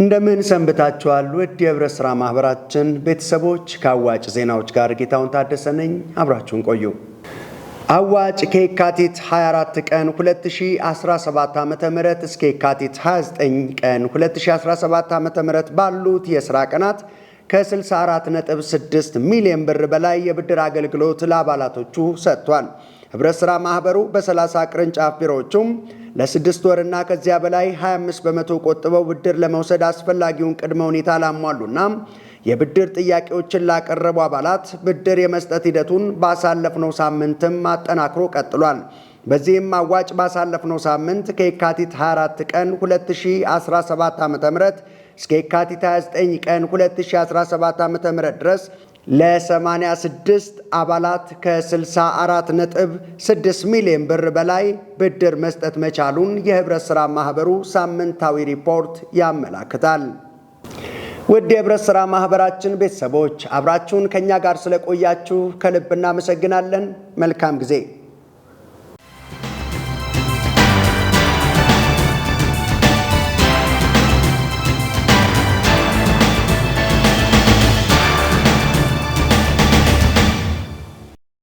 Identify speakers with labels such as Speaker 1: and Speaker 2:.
Speaker 1: እንደምን ሰንብታችኋል? ውድ የህብረት ሥራ ማኅበራችን ቤተሰቦች ከአዋጭ ዜናዎች ጋር ጌታውን ታደሰ ነኝ። አብራችሁን ቆዩ። አዋጭ ከየካቲት 24 ቀን 2017 ም እስከ የካቲት 29 ቀን 2017 ዓ.ም ባሉት የሥራ ቀናት ከ64.6 ሚሊዮን ብር በላይ የብድር አገልግሎት ለአባላቶቹ ሰጥቷል። ህብረት ሥራ ማኅበሩ በ30 ቅርንጫፍ ቢሮዎቹም ለስድስት ወርና ከዚያ በላይ 25 በመቶ ቆጥበው ብድር ለመውሰድ አስፈላጊውን ቅድመ ሁኔታ ላሟሉና የብድር ጥያቄዎችን ላቀረቡ አባላት ብድር የመስጠት ሂደቱን ባሳለፍነው ሳምንትም አጠናክሮ ቀጥሏል። በዚህም አዋጭ ባሳለፍነው ሳምንት ከየካቲት 24 ቀን 2017 ም እስከ የካቲት 29 ቀን 2017 ዓ.ም ድረስ ለ86 አባላት ከ64.6 ሚሊዮን ብር በላይ ብድር መስጠት መቻሉን የህብረት ሥራ ማኅበሩ ሳምንታዊ ሪፖርት ያመላክታል። ውድ የህብረት ሥራ ማኅበራችን ቤተሰቦች አብራችሁን ከእኛ ጋር ስለቆያችሁ ከልብ እናመሰግናለን። መልካም ጊዜ